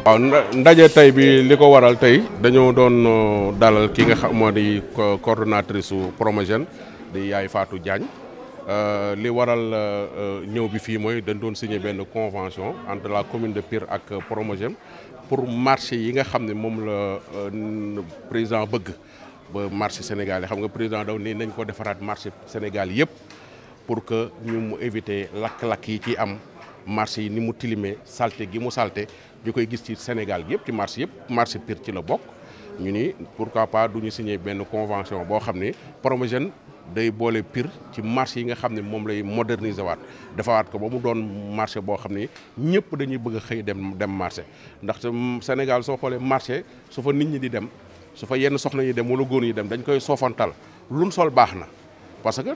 waaw ndaje tey bi li ko waral tey dañoo doon uh, dalal ki nga xam moo di coordonnatrice su Promogène di Yaay Fatou Diagne uh, li waral uh, ñëw bi fii mooy dañ doon signé benn convention entre la commune de Pire ak Promogem pour marché yi nga xam ne moom la président bëgg ba marché Sénégal yi xam nga président daw nii nañ ko defaraat marché Sénégal yëpp pour que ñu mu éviter lakk-lakk yi ci am marché yi ni mu tilimee salte gi mu salte ñu koy gis ci Sénégal gi yëpp ci marché yëpp marché Pire ci la bokk ñu ni pourquoi pas du ñu signer benn convention boo xam ne Promogène day boole Pire ci marché yi nga xam ne moom lay moderniser waat defawaat ko ba mu doon marché boo xam ni ñëpp dañuy bëgg a xëy dem dem marché ndaxte Sénégal soo xoolee marché su fa nit ñi di dem su fa yenn soxna yi dem wala góor yi dem dañ koy soofantal luñ sol baax na parce que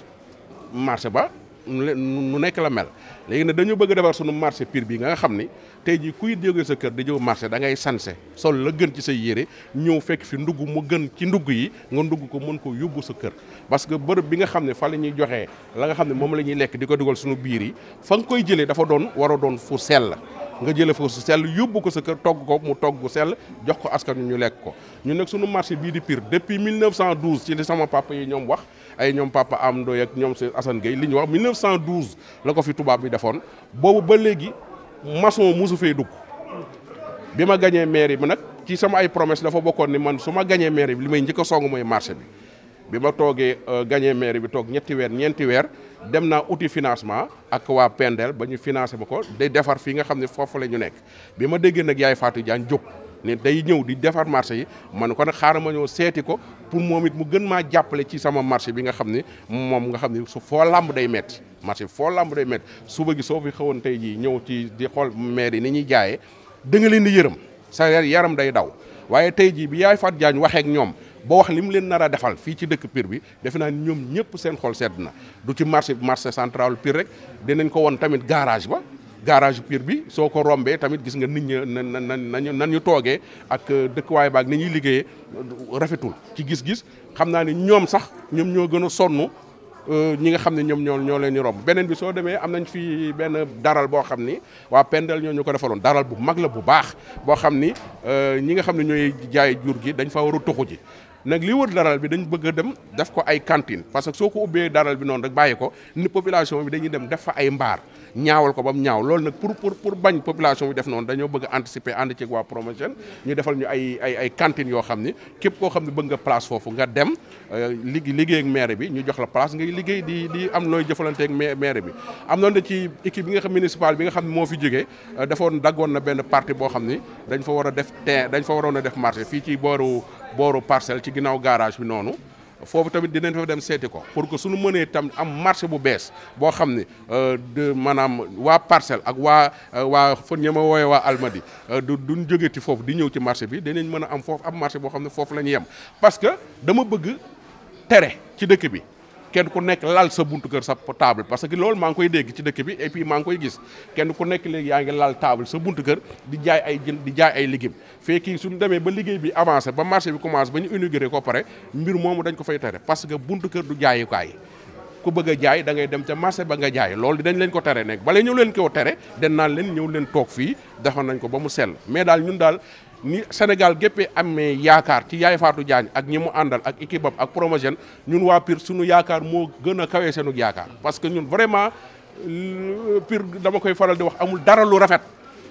marché ba. nu nekk la mel léegi nag dañu bëgg defar sunu marché pire bii nga xam ni tey jii kuy jógee sa kër di jëw marché da ngay sanse sol la gën ci say yére ñëw fekk fi ndugg mu gën ci ndugg yi nga ndugg ko mën koo yóbbu sa kër parce que bërëb bi nga xam ne fa la ñuy joxee la nga xam ne moom la ñuy lekk di ko dugal sunu biir yi fa nga koy jëlee dafa doon war a doon fu seel la nga jëlee foofu sel yóbbu ko sa kër togg ko mu togg sel jox ko askan ñu lekk ko ñu nekk sunu marché bii di Pire depuis 1912 ci sama papa yi ñoom wax ay ñoom papa am ndoy ak ñoom seen asan Gueye li ñu wax 1912 la ko fi tubaab bi defoon boobu ba léegi maçon mosu fee dugg bi ma gañee mairie bi nag ci sama ay promesse dafa bokkoon ni man su ma gañee mairie bi li may njëkk a mooy marché bi bi ma toogee euh, gagné maire bi toog ñetti weer ñeenti weer dem naa uti financement ak waa Pendel ba ñu financé ba ko day defar fii nga xam ne foofu la ñu nekk bi ma déggee nag yaay Fatou Diagne jóg ni day ñëw di defar marché yi man kon xaaral ma ñëw seeti ko pour moom it mu gën maa jàppale ci sama marché bi nga xam ne moom nga xam ne su foo làmb day metti marché foo làmb day metti suba gi soo fi xëwoon tey jii ñëw ci di xool maire yi ni ñuy jaaye da leen di yërëm sa yaram day daw waaye tey jii bi yaay Fatou Diagne waxee ñoom boo wax li mu leen nar a defal fii ci dëkk piir bi defe naa ñoom ñëpp seen xol sedd na du ci marché marché centrale Pire rek dinañ ko woon tamit garage ba garage Pire bi soo ko rombee tamit gis nga nit ñi na nañu nan ñu toogee ak euh, dëkkuwaay baag ni ñuy liggéeyee euh, rafetul ci gis-gis xam naa ni ñoom sax ñoom ñoo gën a sonn euh, ñi nga xam ne ñoom ñoo ñoo leen di romb beneen bi soo demee am nañ fi benn daral boo xam ni waa pendal ñoo ñu ko defaloon daral bu mag la bu baax boo xam ni ñi nga xam ne ñooy jaay jur gi dañ fa war a tuxu nag lii wër daral bi dañ bëgg dem def ko ay cantine parce que soo ko ubbee daral bi noonu rek bàyyi ko ni population bi dañuy dem def fa ay mbaar ñaawal ko ba mu ñaaw loolu nag pour pour pour bañ population bi def noonu dañoo bëgg a anticiper ànd ci waa promotion ñu defal ñu ay ay ay yoo xam ni képp koo xam ne bëgg nga place foofu nga dem euh, ligi liggéey ak maire bi ñu jox la place ngay liggéey di di am nooy jëfalante ak maire bi am noonu da ci équipe bi nga xam municipal bi nga xam ne moo fi jógee euh, dafoon daggoon na benn partie boo xam ni dañ fa war a def te dañ fa waroon a def marché fii ci booru booru parcelle ci ginnaaw garage bi noonu foofu tamit dinañ fa dem seeti ko pour que suñu mënee tam am marché bu bees boo xam ne euh, de maanaam waa parcelle ak waa euh, waa foo ña ma wooye waa almadi euh, du duñ jóge ci foofu di ñëw ci marché bi dinañ mën a am foofu am marché boo xam ne foofu la ñuy yem parce que dama bëgg tere ci dëkk bi kenn ku nekk laal sa buntu kër sa table parce que lool maa ngi koy dégg ci dëkk bi et puis maa ngi koy gis kenn ku nekk léegi yaa ngi laal table sa buntu kër di jaay ay jën di jaay ay légumes fekki suñu demee ba liggéey bi avancer ba marché bi commencé ba ñu inauguré ko pare mbir moomu dañ ko fay tere parce que buntu kër du jaayukaay ku bëgg jaay da ngay dem ca marché ba nga jaay loolu dañ leen ko tere nekk bale ñëwleen leen koo tere den naan leen ñëw leen toog fii defoon nañ ko ba mu sell mais daal ñun daal ni Sénégal am amee yaakaar ci Yaay Fatou Diagne ak ñi mu àndal ak équipe bam ak Promogène ñun waa Pire suñu yaakaar moo gën a seenu yaakaar parce que ñun vraiment euh, Pire dama koy faral di wax amul dara lu rafet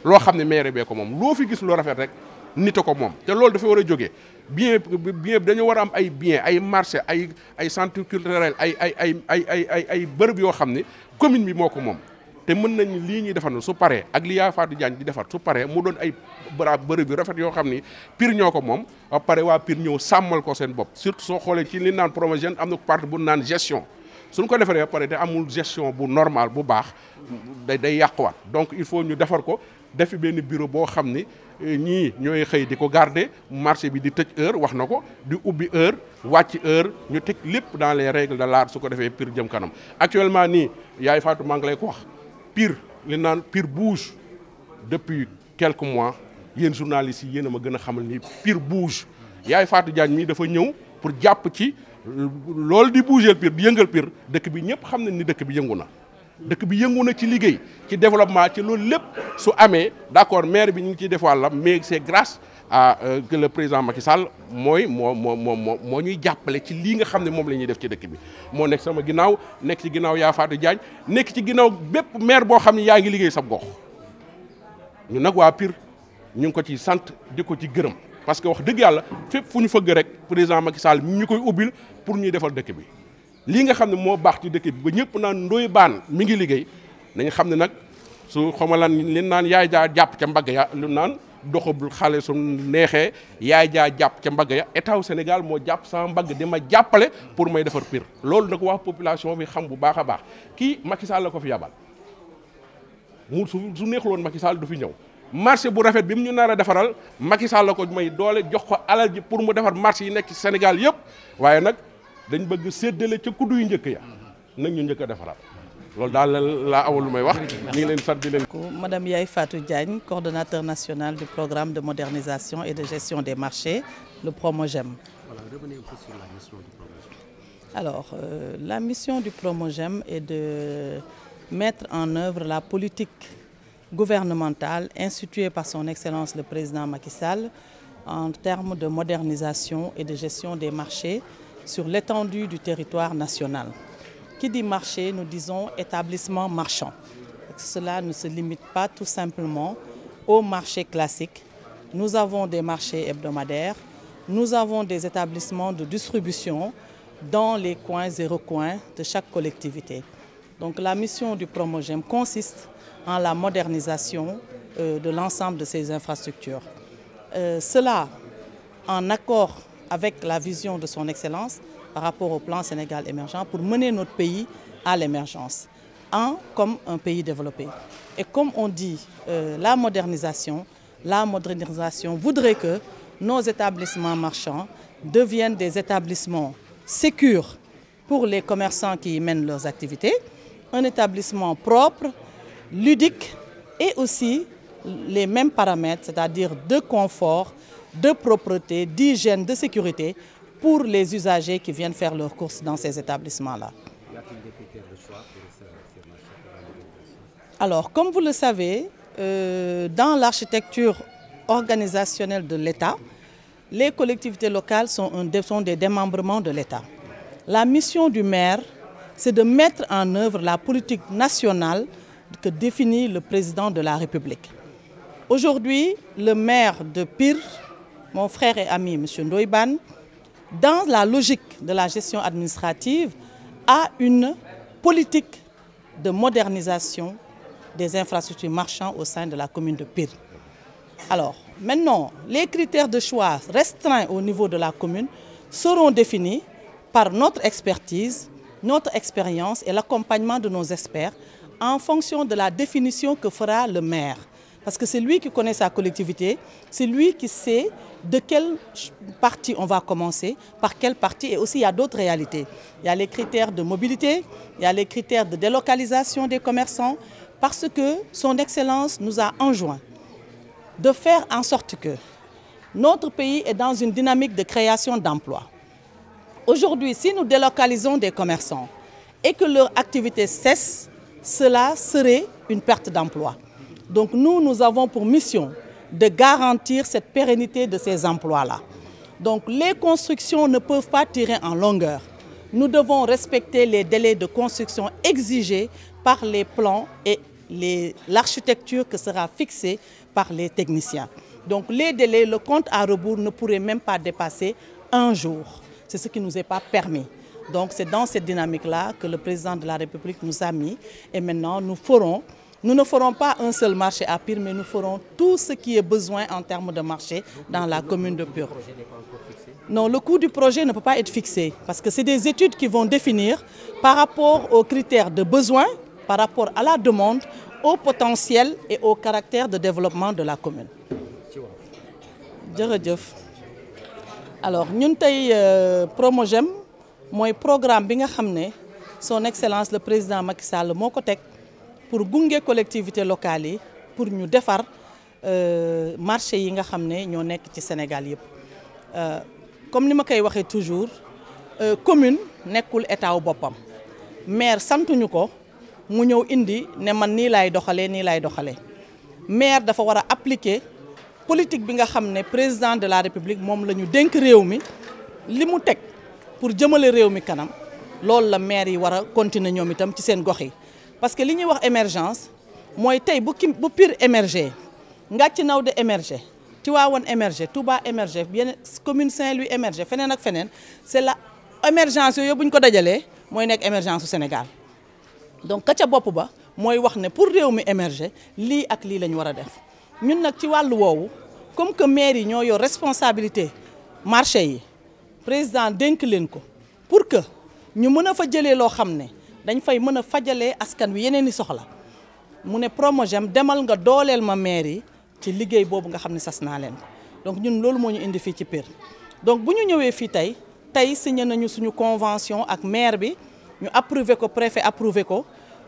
loo xam ne maire bee ko moom loo fi gis lu rafet rek nite ko moom te loolu dafa war a jógee bien bien dañu war am ay bien ay marché ay ay centre culturel ay ay ay ay ay ay bërëb yoo xam ne commune bi moo ko moom te mën nañ lii ñuy defar su paree ak li yaa Fatou Diagne di defar su paree mu doon ay bara bërëb yu rafet yoo xam ni Pire ñoo ko moom ba pare waa Pire ñëw sàmmal ko seen bopp surtout soo xoolee ci li naan promogène am na partie bu naan gestion suñ ko defaree ba pare te amul gestion bu normal bu baax day day yàquwaat donc il faut ñu defar ko defi benn bureau boo xam ni eh, ñii ñooy xëy di ko garde marché bi di tëj heure wax na ko di ubbi heure wàcc heure ñu teg lépp dans les règles de l'art su ko defee Pire jëm kanam actuellement nii yaay Fatou maa ngi lay ko wax piir li naan pire bouge depuis quelques mois yéen journalistes yi yéen a ma gën a xamal ni piir bouge yaay Fatou Diagne mii dafa ñëw pour jàpp ci loolu di bougeel pire di yëngal pire dëkk bi ñëpp xam nañ ni dëkk bi yëngu na. dëkk bi yëngu na ci liggéey ci développement ci loolu lépp su amee d'accord maire bi ñu ngi ciy def wàllam mais c'est grâce. ah que le président Macky Sall mooy moo moo moo moo ñuy jàppale ci lii nga xam ne moom la ñuy def ci dëkk bi moo nekk sama ginnaaw nekk ci ginnaaw yaa Fatou Diagne nekk ci ginnaaw bépp maire boo xam ne yaa ngi liggéey sa gox ñu nag waa Pire ñu ngi ko ci sant di ko ci gërëm parce que wax dëgg yàlla fépp fu ñu fëgg rek président Macky Sall ñu koy ubbil pour ñuy defal dëkk bi lii nga xam ne moo baax ci dëkk bi ba ñëpp naan ndoy baan mi ngi liggéey nañ xam ne nag su xamalan leen naan yaay jaa jàpp ca mbagg ya naan doxabul xale su neexee yaay jaa jàpp ca mbagg ya état Sénégal moo jàpp saa mbagg di ma jàppale pour may defar pire loolu nag wax population bi xam bu baax a baax kii Macky Sall ko fi yabal mu su su neexuloon Macky Sall du fi ñëw marché bu rafet bi mu ñu naar a defaral Macky Sall la ko may doole jox ko alal ji pour mu defar marché yi nekk ci Sénégal yëpp waaye nag dañ bëgg séddale ca kuddu yu njëkk ya nag ñu njëkk a defaral loolu daal laa awal lu may wax ñu ngi leen sant di leen. madame Yaye Fatou Diagne coordonnateur national du programme de modernisation et de gestion des marchés le Promogem. voilà revenez un peu sur la mission du Promogem. alors euh, est de mettre en œuvre la politique gouvernementale instituée par son excellence le président Macky Sall en termes de modernisation et de gestion des marchés sur l'étendue du territoire national. Qui dit marché, nous disons établissement marchand. Cela ne se limite pas tout simplement au marché classique. Nous avons des marchés hebdomadaires, nous avons des établissements de distribution dans les coins et recoins de chaque collectivité. Donc la mission du Promogem consiste en la modernisation euh, de l'ensemble de ces infrastructures. Euh, cela en accord avec la vision de son Excellence, par rapport au plan Sénégal émergent pour mener notre pays à l'émergence, en comme un pays développé. Et comme on dit, euh, la modernisation, la modernisation voudrait que nos établissements marchands deviennent des établissements sécures pour les commerçants qui y mènent activités, un établissement propre, ludique et aussi les mêmes paramètres, c'est-à-dire de confort, de propreté, d'hygiène, de sécurité pour les usagers qui viennent faire leurs courses dans ces établissements-là. Alors, comme vous le savez, euh, dans l'architecture organisationnelle de l'État, les collectivités locales sont, un, sont des démembrements de l'État. La mission du maire, c'est de mettre en œuvre la politique nationale que définit le président de la République. Aujourd'hui, le maire de Pire, mon frère et ami, M. dans la logique de la gestion administrative, à une politique de modernisation des infrastructures marchandes au sein de la commune de Pire. Alors, maintenant, les critères de choix restreints au niveau de la commune seront définis par notre expertise, notre expérience et l'accompagnement de nos experts en fonction de la définition que fera le maire. Parce que c'est lui qui connaît sa collectivité, c'est lui qui sait de quelle parti on va commencer, par quelle partie. Et aussi, il y a d'autres réalités. Il y a les critères de mobilité, il y a de délocalisation des commerçants, parce que son Excellence nous a enjoint de faire en sorte que notre pays est dans une dynamique de création d'emplois. Aujourd'hui, si nous délocalisons des commerçants et que leur activité cesse, cela serait une perte d'emploi. Donc nous, nous avons pour mission de garantir cette pérennité de ces emplois-là. Donc les constructions ne peuvent pas tirer en longueur. Nous devons respecter les délais de construction exigés par les plans et l'architecture que sera fixée par les techniciens. Donc les délais, le compte à rebours ne pourrait même pas dépasser un jour. C'est ce qui ne nous est pas permis. Donc c'est dans cette dynamique-là que le président de la République nous a mis et maintenant nous ferons Nous ne ferons pas un seul marché à Pire, mais nous ferons tout ce qui est besoin en termes de marché dans la commune de Pure. Non, le coût du projet ne peut pas être fixé parce que c'est des études qui vont définir par rapport aux critères de besoin, par rapport à la demande, au potentiel et au caractère de développement de la commune. jërëjëf alors ñun tey euh, Promogem mooy programme bi nga xam ne son excellence le président Macky Sall moo ko teg. pour gunge collectivité locale yi pour ñu defar euh, marché yi nga xam ne ñoo nekk ci Sénégal yëpp euh, comme ni ma koy waxee toujours euh, commune nekkul état wu boppam maire santuñu ko mu ñëw indi ne man nii laay doxalee nii laay doxalee maire dafa war a appliquer politique bi nga xam ne président de la république moom la ñu dénk réew mi li mu teg pour jëmale réew mi kanam loolu la maire yi war a continuer ñoom itam ci seen gox yi. parce que li ñuy wax émergence mooy tey bu ki bu Pire émerger Ngathie Nawde émerger Tivaouane émerger Touba émerger yeneen commune Saint-Louis émerger feneen ak feneen c'est la émergence yooyu bu ñu ko dajalee mooy nekk émergence su Sénégal donc ka ca bopp ba mooy wax ne pour réew mi émerger lii ak lii lañu ñu war a def ñun nag ci wàllu woowu comme que maire yi ñoo yor responsabilité marché yi président dénk leen ko pour que ñu mën a fa jëlee loo xam ne. dañ fay mën a fajalee askan wi yeneen i soxla mu ne Promogem demal nga dooleel ma maire yi ci liggéey boobu nga xam ne sas naa leen ko donc ñun loolu moo ñu indi fii ci Pire donc bu ñu ñëwee fii tey tey signé nañu suñu convention ak maire bi ñu approuvé ko préfet approuvé ko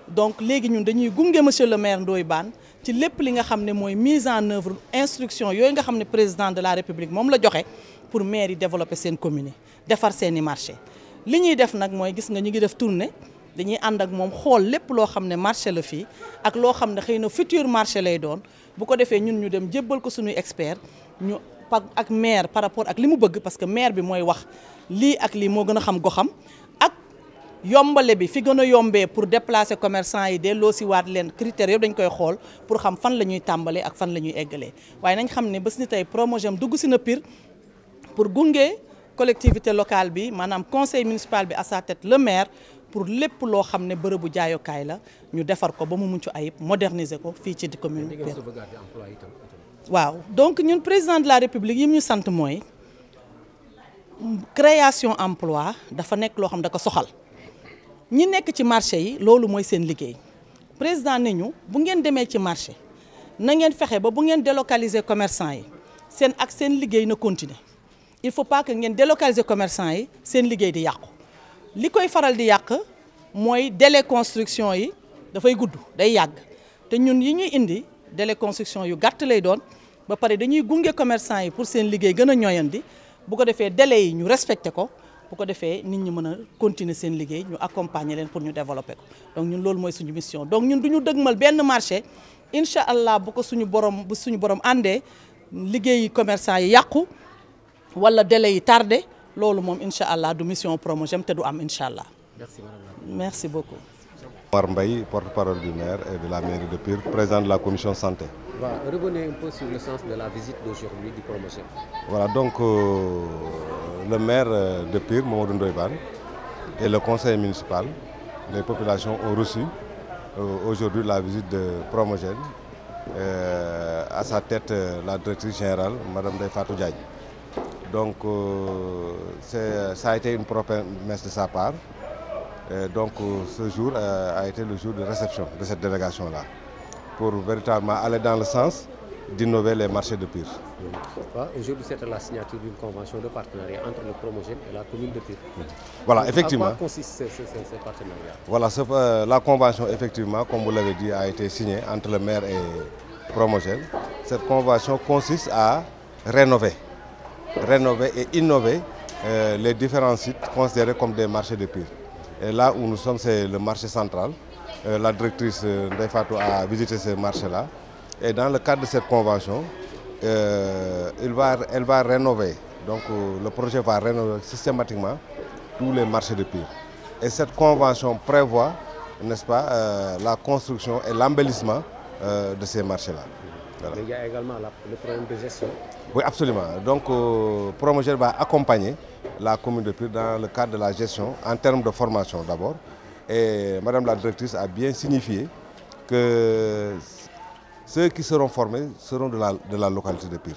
donc léegi ñun dañuy gunge monsieur le maire Ndoye Bane ci lépp li nga xam ne mooy mise en œuvre instruction yooyu nga xam ne président de la république moom la joxe pour maire yi développer seen commune defar seen i marché li ñuy def nag mooy gis nga ñu ngi def tournée dañuy ànd ak moom xool lépp loo xam ne marché la fii ak loo xam ne xëy na futur marché lay doon bu ko defee ñun ñu dem jébbal ko suñuy expert ñu ak maire par rapport ak li mu bëgg parce que maire bi mooy wax lii ak lii moo gën a xam goxam ak yombale bi fi gën a yombee pour déplacer commerçant yi delloo si waat leen critères yëpp dañ koy xool pour xam fan la ñuy tàmbalee ak fan la ñuy eggalee waaye nañ xam ne bés ni tey Promogem dugg si na Pire pour gunge collectivité locale bi maanaam conseil municipal bi à sa le maire pour lépp loo xam ne bërëbu jaayukaay la ñu defar ko ba mu mucc ayib moderniser ko fii ci commune bi waaw donc ñun président de la république yi ñu sant mooy création emploi dafa nekk loo xam da ko soxal ñi nekk ci marché yi loolu mooy seen liggéey président ne ñu bu ngeen demee ci marché na ngeen fexe ba bu ngeen délocaliser commerçant yi seen ak seen liggéey na continuer il faut pas que ngeen délocaliser commerçant yi seen liggéey di yàqu li koy faral di yàq mooy délai construction yi dafay gudd day yàgg te ñun yi ñuy indi délai construction yu gàtt lay doon ba pare dañuy gunge commerçant yi pour seen liggéey gën a ñooyandi bu ko defee délai yi ñu respecté ko bu ko defee nit ñi mën a continuer seen liggéey ñu accompagner leen pour ñu développer ko donc ñun loolu mooy suñu mission donc ñun du ñu dëgmal benn marché incha allah bu ko suñu borom bu suñu borom àndee liggéeyi commerçant yi yàqu wala délai yi tardé. loolu moom incha allah du mission Promogem te am incha allah. merci merci beaucoup. Omar Mbaye porte-parole du maire et de la mairie de Pire président de la commission santé. Voilà, revenez un donc euh, le maire euh, de Pire Mamadou Ndoye Bane et le conseil municipal les populations ont reçu euh, aujourd'hui la visite de Promogem euh, à sa tête euh, la directrice générale madame Ndeye Fatou Diagne. Donc, euh, ça a été une promesse de sa part. Et donc, euh, ce jour euh, a été le jour de réception de cette délégation-là, pour véritablement aller dans le sens d'innover les marchés de Pire. Mmh. Aujourd'hui, c'était la signature d'une convention de partenariat la commune de Pire. Mmh. Voilà, donc, effectivement. À quoi consiste euh, la convention, effectivement, comme vous l'avez dit, a été signée entre le maire et Promogène. Cette convention consiste à rénover rénover et innover euh, les différents sites considérés comme des marchés de pire. Et là où nous sommes, c'est le marché central. Euh, la directrice euh, Ndefato a visité ce marché-là. Et dans le cadre de cette convention, euh, elle va, elle rénover. Donc euh, le projet va rénover systématiquement tous les marchés de pire. Et cette convention prévoit, n'est-ce pas, euh, la construction et l'embellissement de ces marchés-là. Mais il y a également la, le problème de gestion. Oui, absolument. Donc, euh, Promogel va accompagner la commune de Pire dans le cadre de la gestion, en termes de formation d'abord. Et Madame la directrice a bien signifié que ceux qui seront formés seront de la, de la localité de Pire.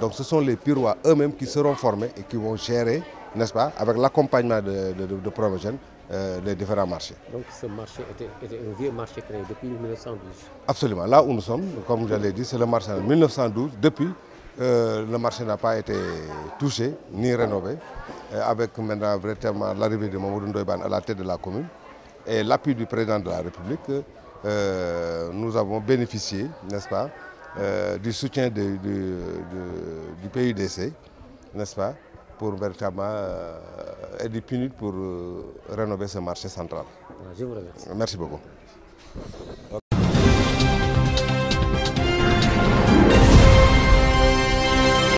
Donc ce sont les Pirois eux-mêmes qui seront formés et qui vont gérer, n'est-ce pas, avec l'accompagnement de, de, de, de Promogène, euh, les différents marchés. Donc ce marché était, était, un vieux marché créé depuis Absolument. Là où nous sommes, comme je Euh, le marché n'a pas été touché ni rénové, euh, avec maintenant vraiment l'arrivée de Mamoudou Ndoyban à la tête de la commune et l'appui du président de la République. Euh, nous avons bénéficié, n'est-ce pas, euh, du soutien de, de, de, du PUDC, n'est-ce pas, pour véritablement et du pour rénover ce marché central. Je